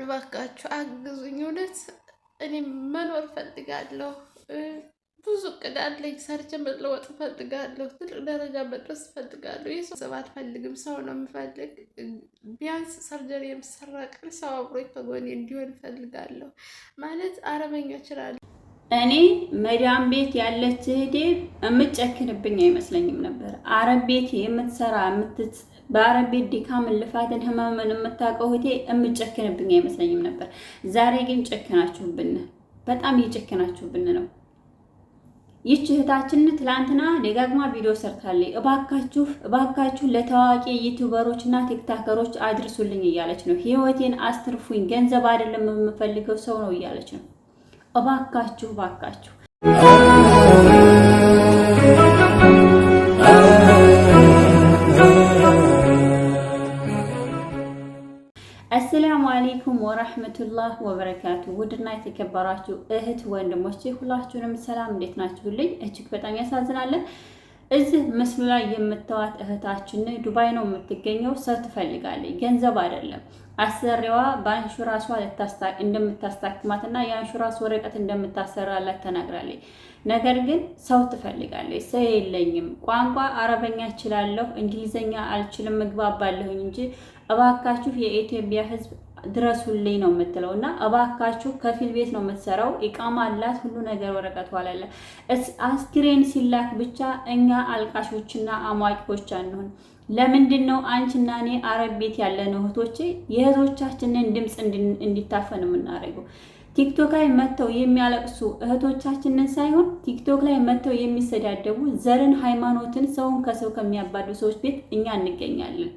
እባካችሁ አግዙኝ። እውነት እኔ መኖር ፈልጋለሁ። ብዙ እቅድ አለኝ። ሰርቼ መለወጥ ፈልጋለሁ። ትልቅ ደረጃ መድረስ ፈልጋለሁ። የሰው ሰብ አልፈልግም። ሰው ነው የምፈልግ። ቢያንስ ሰርጀሪ የምሰራ ቀን ሰው አብሮኝ ከጎኔ እንዲሆን ፈልጋለሁ። ማለት አረበኛ እችላለሁ እኔ መዳም ቤት ያለች እህቴ የምጨክንብኝ አይመስለኝም ነበር። አረብ ቤት የምትሰራ በአረብ ቤት ድካምን፣ ልፋትን፣ ህመምን የምታውቀው እህቴ የምትጨክንብኝ አይመስለኝም ነበር። ዛሬ ግን ጨክናችሁብን፣ በጣም እየጨክናችሁብን ነው። ይች እህታችን ትላንትና ደጋግማ ቪዲዮ ሰርታለች። እባካችሁ እባካችሁ ለታዋቂ ዩቱበሮች እና ቲክታከሮች አድርሱልኝ እያለች ነው። ህይወቴን አስትርፉኝ፣ ገንዘብ አይደለም የምፈልገው ሰው ነው እያለች ነው እባካችሁ እባካችሁ አሰላሙ አሌይኩም ወራህመቱላህ ወበረካቱ። ውድና የተከበራችሁ እህት ወንድሞቼ ሁላችሁንም ሰላም፣ እንዴት ናችሁልኝ? እጅግ በጣም ያሳዝናለን። እዚህ ምስሉ ላይ የምታዋት እህታችን ዱባይ ነው የምትገኘው። ሰው ትፈልጋለች፣ ገንዘብ አይደለም። አሰሪዋ በአንሹራንሷ እንደምታስታክማትና የአንሹራንስ ወረቀት እንደምታሰራላት ተናግራለች። ነገር ግን ሰው ትፈልጋለች። ሰው የለኝም፣ ቋንቋ አረበኛ እችላለሁ፣ እንግሊዝኛ አልችልም፣ ምግባባለሁኝ እንጂ እባካችሁ የኢትዮጵያ ሕዝብ ድረሱልኝ ነው የምትለው እና እባካችሁ ከፊል ቤት ነው የምትሰራው። ኢቃማ አላት ሁሉ ነገር ወረቀት አላለ። አስክሬን ሲላክ ብቻ እኛ አልቃሾችና አሟቂዎች አንሆን። ለምንድን ነው አንቺና እኔ አረብ ቤት ያለን እህቶቼ የእህቶቻችንን ድምፅ እንዲታፈን የምናደርገው? ቲክቶክ ላይ መጥተው የሚያለቅሱ እህቶቻችንን ሳይሆን ቲክቶክ ላይ መጥተው የሚሰዳደቡ ዘርን፣ ሃይማኖትን፣ ሰውን ከሰው ከሚያባዱ ሰዎች ቤት እኛ እንገኛለን።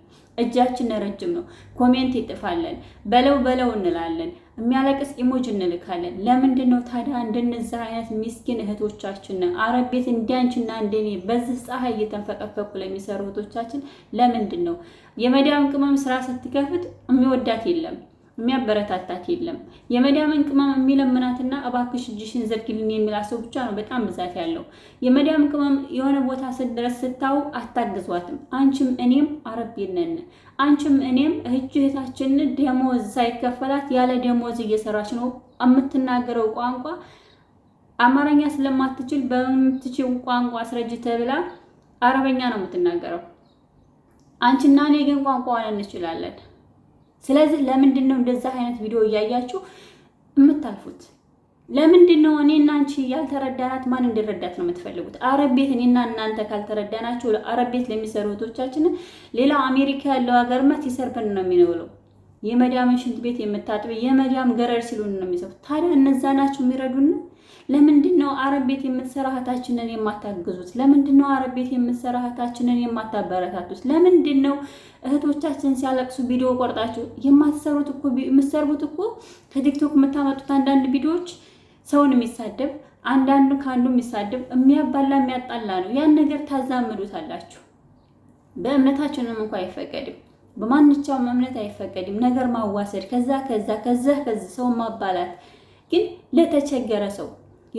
እጃችን ረጅም ነው። ኮሜንት ይጥፋለን፣ በለው በለው እንላለን፣ የሚያለቅስ ኢሞጅ እንልካለን። ለምንድን ነው ታዲያ እንደነዛ አይነት ሚስኪን እህቶቻችን አረብ ቤት እንዲያንችና እንደኔ በዚህ ፀሐይ እየተንፈቀፈቁ ለሚሰሩ እህቶቻችን ለምንድን ነው የመዳም ቅመም ስራ ስትከፍት የሚወዳት የለም? የሚያበረታታት የለም። የመዳምን ቅመም የሚለምናትና እባክሽ እጅሽን ዘርግልን የሚላ ሰው ብቻ ነው በጣም ብዛት ያለው። የመዳም ቅመም የሆነ ቦታ ስደረስ ስታው አታግዟትም። አንቺም እኔም አረብ ነን። አንቺም እኔም እህች እህታችን ደሞዝ ሳይከፈላት ያለ ደሞዝ እየሰራች ነው። የምትናገረው ቋንቋ አማርኛ ስለማትችል በምትችው ቋንቋ አስረጅ ተብላ አረበኛ ነው የምትናገረው። አንቺና እኔ ግን ቋንቋዋን እንችላለን። ስለዚህ ለምንድን ነው እንደዛ አይነት ቪዲዮ እያያችሁ የምታልፉት? ለምንድን ነው እኔና አንቺ ያልተረዳናት ማን እንዲረዳት ነው የምትፈልጉት? አረብ ቤት እኔና እናንተ ካልተረዳናችሁ አረብ ቤት ለሚሰሩ እህቶቻችንን ሌላው አሜሪካ ያለው ሀገር መት ይሰርብን ነው የሚውለው። የመዳምን ሽንት ቤት የምታጥበ የመዳም ገረድ ሲሉን ነው የሚሰሩት። ታዲያ እነዛ ናቸው የሚረዱን? ለምንድን ነው አረብ ቤት የምትሰራ እህታችንን የማታግዙት? ለምንድን ነው አረብ ቤት የምትሰራ እህታችንን የማታበረታቱት? ለምንድን ነው እህቶቻችን ሲያለቅሱ ቪዲዮ ቆርጣችሁ የማትሰሩት? እኮ የምትሰሩት እኮ ከቲክቶክ የምታመጡት አንዳንድ ቪዲዮዎች ሰውን የሚሳደብ አንዳንዱ ከአንዱ የሚሳደብ የሚያባላ የሚያጣላ ነው። ያን ነገር ታዛምዱታላችሁ። በእምነታችንም እንኳ አይፈቀድም። በማንኛውም እምነት አይፈቀድም ነገር ማዋሰድ፣ ከዛ ከዛ ከዛ ከዚህ ሰው ማባላት ግን ለተቸገረ ሰው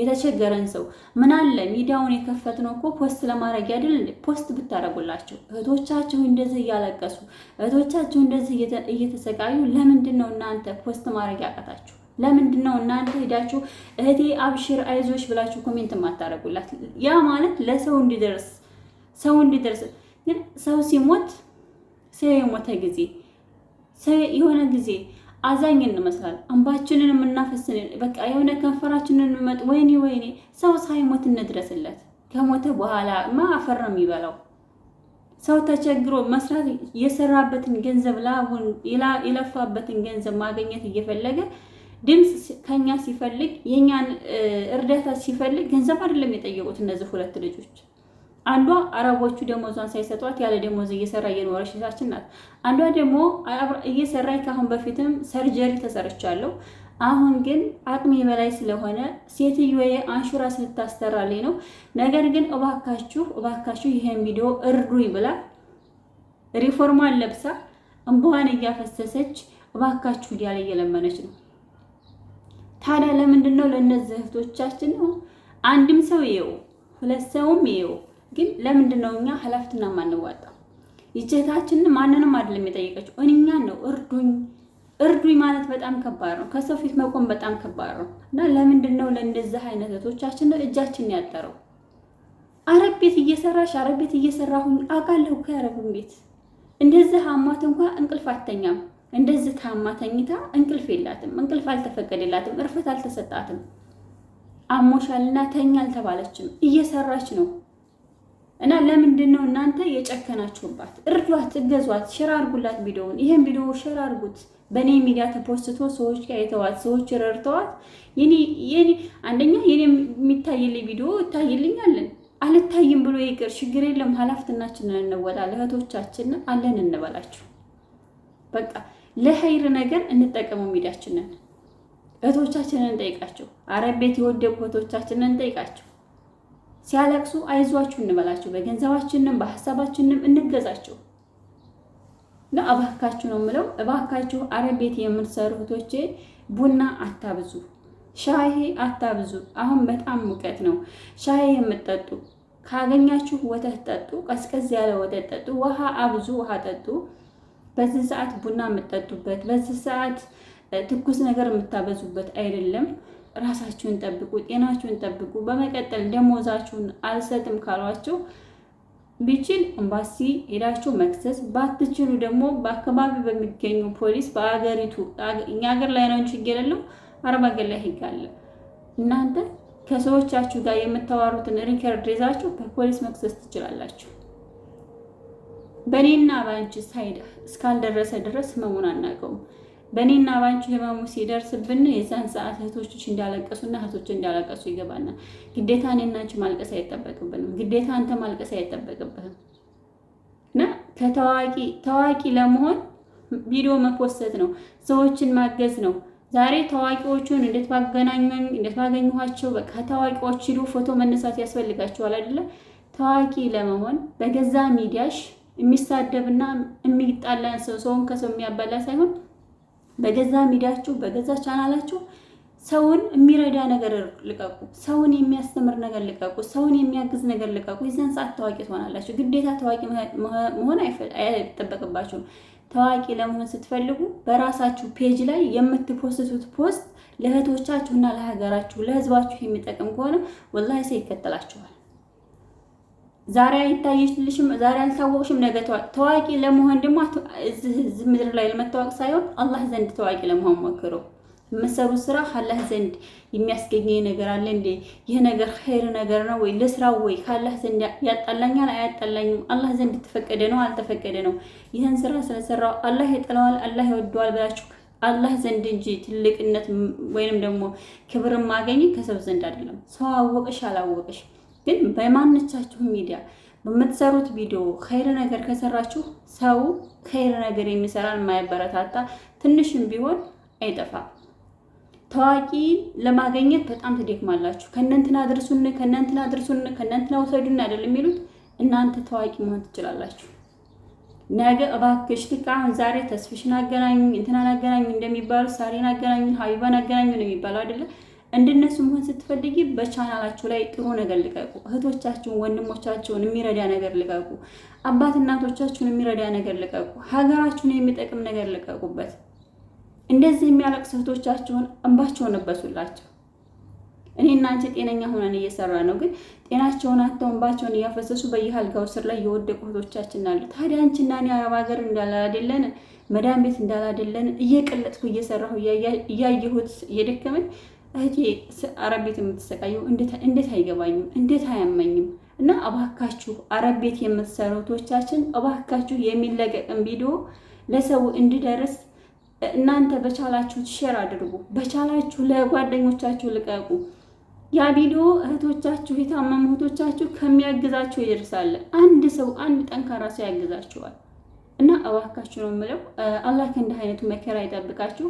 የተቸገረን ሰው ምን አለ ሚዲያውን የከፈትነው እኮ ፖስት ለማድረግ ያድል ፖስት ብታደረጉላቸው እህቶቻችሁ እንደዚህ እያለቀሱ እህቶቻችሁ እንደዚህ እየተሰቃዩ ለምንድን ነው እናንተ ፖስት ማድረግ ያቃታችሁ? ለምንድን ነው እናንተ ሄዳችሁ እህቴ አብሽር አይዞች ብላችሁ ኮሜንት ማታደርጉላት? ያ ማለት ለሰው እንዲደርስ ሰው እንዲደርስ ሰው ሲሞት ሰው የሞተ ጊዜ የሆነ ጊዜ አዛኝ እንመስላል። አንባችንን የምናፈስንን በቃ የሆነ ከንፈራችንን መጥ ወይኔ ወይኔ ሰው ሳይሞት እንድረስለት። ከሞተ በኋላ ማ አፈር ነው የሚበላው? ሰው ተቸግሮ መስራት የሰራበትን ገንዘብ ላቡን የለፋበትን ገንዘብ ማገኘት እየፈለገ ድምፅ ከኛ ሲፈልግ የእኛን እርዳታ ሲፈልግ ገንዘብ አይደለም የጠየቁት እነዚህ ሁለት ልጆች። አንዷ አረቦቹ ደሞዟን ሳይሰጧት ያለ ደሞዝ እየሰራ እየኖረች ልጃችን ናት። አንዷ ደግሞ እየሰራች ከአሁን በፊትም ሰርጀሪ ተሰርቻለሁ። አሁን ግን አቅሜ በላይ ስለሆነ ሴትዮዬ አንሹራ ስልታስተራልኝ ነው። ነገር ግን እባካችሁ እባካችሁ ይሄን ቪዲዮ እርዱኝ ብላ ሪፎርሟን ለብሳ እንባዋን እያፈሰሰች እባካችሁ እያለ እየለመነች ነው። ታዲያ ለምንድን ነው ለእነዚህ እህቶቻችን ነው አንድም ሰው ይኸው ሁለት ሰውም ይኸው ግን ለምንድን ነው እኛ ኃላፊትና ማንዋጣው? ይጀታችንን ማንንም አይደለም የጠየቀችው እኛን ነው። እርዱኝ እርዱኝ ማለት በጣም ከባድ ነው። ከሰው ፊት መቆም በጣም ከባድ ነው እና ለምንድን ነው ለእንደዚህ አይነት እህቶቻችን ነው እጃችን ያጠረው? አረብ ቤት እየሰራሽ አረብ ቤት እየሰራሁኝ አውቃለሁ እኮ ቤት እንደዚህ አሟት እንኳ እንቅልፍ አተኛም። እንደዚህ ታማ ተኝታ እንቅልፍ የላትም። እንቅልፍ አልተፈቀደላትም። እርፈት አልተሰጣትም። አሞሻልና ተኛ አልተባለችም። እየሰራች ነው። እና ለምንድን ነው እናንተ የጨከናችሁባት? እርዷት፣ እገዟት፣ ሸር አድርጉላት ቪዲዮውን። ይሄን ቪዲዮ ሸር አርጉት። በእኔ ሚዲያ ተፖስትቶ ሰዎች የተዋት ሰዎች ረድተዋት። አንደኛ የኔ የሚታይልኝ ቪዲዮ እታይልኛለን። አልታይም ብሎ ይቅር፣ ችግር የለም። ኃላፊነታችንን እንወጣ። ለእህቶቻችን አለን እንበላችሁ። በቃ ለኸይር ነገር እንጠቀመው ሚዲያችንን። እህቶቻችንን እንጠይቃቸው። አረብ ቤት የወደቁ እህቶቻችንን እንጠይቃቸው። ሲያለቅሱ አይዟችሁ እንበላቸው፣ በገንዘባችንም በሀሳባችንም እንገዛቸው። እባካችሁ ነው የምለው፣ እባካችሁ አረብ ቤት የምትሰሩ እህቶቼ ቡና አታብዙ፣ ሻይ አታብዙ። አሁን በጣም ሙቀት ነው። ሻይ የምትጠጡ ካገኛችሁ ወተት ጠጡ፣ ቀዝቀዝ ያለ ወተት ጠጡ። ውሃ አብዙ፣ ውሃ ጠጡ። በዚህ ሰዓት ቡና የምትጠጡበት በዚህ ሰዓት ትኩስ ነገር የምታበዙበት አይደለም። ራሳችሁን ጠብቁ፣ ጤናችሁን ጠብቁ። በመቀጠል ደሞዛችሁን አልሰጥም ካሏችሁ ቢችል ኤምባሲ ሄዳችሁ መክሰስ፣ ባትችሉ ደግሞ በአካባቢ በሚገኙ ፖሊስ በአገሪቱ እኛ ሀገር ላይ ነው ችግር የለው፣ አረብ ሀገር ላይ ህግ አለ። እናንተ ከሰዎቻችሁ ጋር የምታዋሩትን ሪከርድ ይዛችሁ በፖሊስ መክሰስ ትችላላችሁ። በእኔና በአንቺ ሳይድ እስካልደረሰ ድረስ ህመሙን አናውቀውም። በእኔና ባንቺ ህመሙ ሲደርስብን የዛን ሰዓት እህቶች እንዳለቀሱና እህቶች እንዳለቀሱ ይገባና ግዴታ እኔና አንቺ ማልቀስ አይጠበቅብንም። ግዴታ አንተ ማልቀስ አይጠበቅብህም። እና ከታዋቂ ታዋቂ ለመሆን ቪዲዮ መፖሰት ነው፣ ሰዎችን ማገዝ ነው። ዛሬ ታዋቂዎቹን እንዴት ባገናኙኝ እንዴት ባገኘኋቸው፣ በቃ ታዋቂዎች ሂዱ ፎቶ መነሳት ያስፈልጋቸዋል አይደለ? ታዋቂ ለመሆን በገዛ ሚዲያሽ የሚሳደብና የሚጣላን ሰው ሰውን ከሰው የሚያባላ ሳይሆን በገዛ ሚዲያችሁ በገዛ ቻናላችሁ ሰውን የሚረዳ ነገር ልቀቁ። ሰውን የሚያስተምር ነገር ልቀቁ። ሰውን የሚያግዝ ነገር ልቀቁ። የዚያን ሰዓት ታዋቂ ትሆናላችሁ። ግዴታ ታዋቂ መሆን አይጠበቅባችሁም። ታዋቂ ለመሆን ስትፈልጉ በራሳችሁ ፔጅ ላይ የምትፖስቱት ፖስት ለእህቶቻችሁና ለሀገራችሁ ለህዝባችሁ የሚጠቅም ከሆነ ወላሂ ሰው ይከተላችኋል። ዛሬ አይታየሽልሽም፣ ዛሬ አልታወቅሽም፣ ነገ ታዋቂ ለመሆን ደግሞ እዚህ ምድር ላይ ለመታወቅ ሳይሆን አላህ ዘንድ ታዋቂ ለመሆን ሞክሩ። የምትሰሩ ስራ ካላህ ዘንድ የሚያስገኘ ነገር አለ እንዴ? ይህ ነገር ኸይር ነገር ነው ወይ? ለስራው ወይ ካላህ ዘንድ ያጣላኛል አያጣላኝም? አላህ ዘንድ ተፈቀደ ነው አልተፈቀደ ነው? ይህን ስራ ስለሰራው አላህ ይጠላዋል አላህ ይወደዋል ብላችሁ አላህ ዘንድ እንጂ ትልቅነት ወይንም ደግሞ ክብር ማገኝ ከሰው ዘንድ አይደለም። ሰው አወቅሽ አላወቅሽ ግን በማንቻችሁ ሚዲያ በምትሰሩት ቪዲዮ ኸይር ነገር ከሰራችሁ ሰው ኸይር ነገር የሚሰራን የማያበረታታ ትንሽም ቢሆን አይጠፋም። ታዋቂ ለማገኘት በጣም ትደክማላችሁ። ከእነንትና አድርሱን፣ ከእነንትና አድርሱን፣ ከእነንትና አውሰዱን አይደል የሚሉት። እናንተ ታዋቂ መሆን ትችላላችሁ። ነገ እባክሽ ልክ አሁን ዛሬ ተስፍሽን አገናኙ እንትናን አገናኙ እንደሚባሉ ሳሪን አገናኙን፣ ሀቢባን ነው የሚባለው አይደለም። እንደነሱ መሆን ስትፈልጊ በቻናላችሁ ላይ ጥሩ ነገር ልቀቁ። እህቶቻችሁን፣ ወንድሞቻችሁን የሚረዳ ነገር ልቀቁ። አባት እናቶቻችሁን የሚረዳ ነገር ልቀቁ። ሀገራችሁን የሚጠቅም ነገር ልቀቁበት። እንደዚህ የሚያለቅስ እህቶቻችሁን እንባቸውን እበሱላቸው። እኔ እናንቺ ጤነኛ ሆነን እየሰራ ነው፣ ግን ጤናቸውን አጥተው እንባቸውን እያፈሰሱ በየአልጋው ስር ላይ የወደቁ እህቶቻችን አሉ። ታዲያ አንቺና እኔ አረብ ሀገር እንዳላደለን መዳን ቤት እንዳላደለን እየቀለጥኩ እየሰራሁ እያየሁት እየደከመኝ እህቴ አረብ ቤት የምትሰቃየው እንዴት አይገባኝም፣ እንዴት አያመኝም። እና እባካችሁ አረብ ቤት የምትሰሩ ቶቻችን እባካችሁ የሚለቀቅን ቪዲዮ ለሰው እንዲደርስ እናንተ በቻላችሁ ሼር አድርጉ፣ በቻላችሁ ለጓደኞቻችሁ ልቀቁ። ያ ቪዲዮ እህቶቻችሁ የታመሙ እህቶቻችሁ ከሚያግዛችሁ ይደርሳል። አንድ ሰው አንድ ጠንካራ ሰው ያግዛችኋል። እና እባካችሁ ነው የምለው አላህ ከእንዲህ አይነቱ መከራ ይጠብቃችሁ።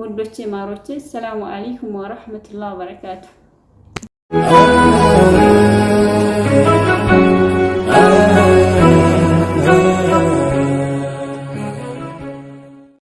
ወንዶቼ ማሮቼ፣ ሰላሙ አለይኩም ወረህመቱላህ ወበረካቱ።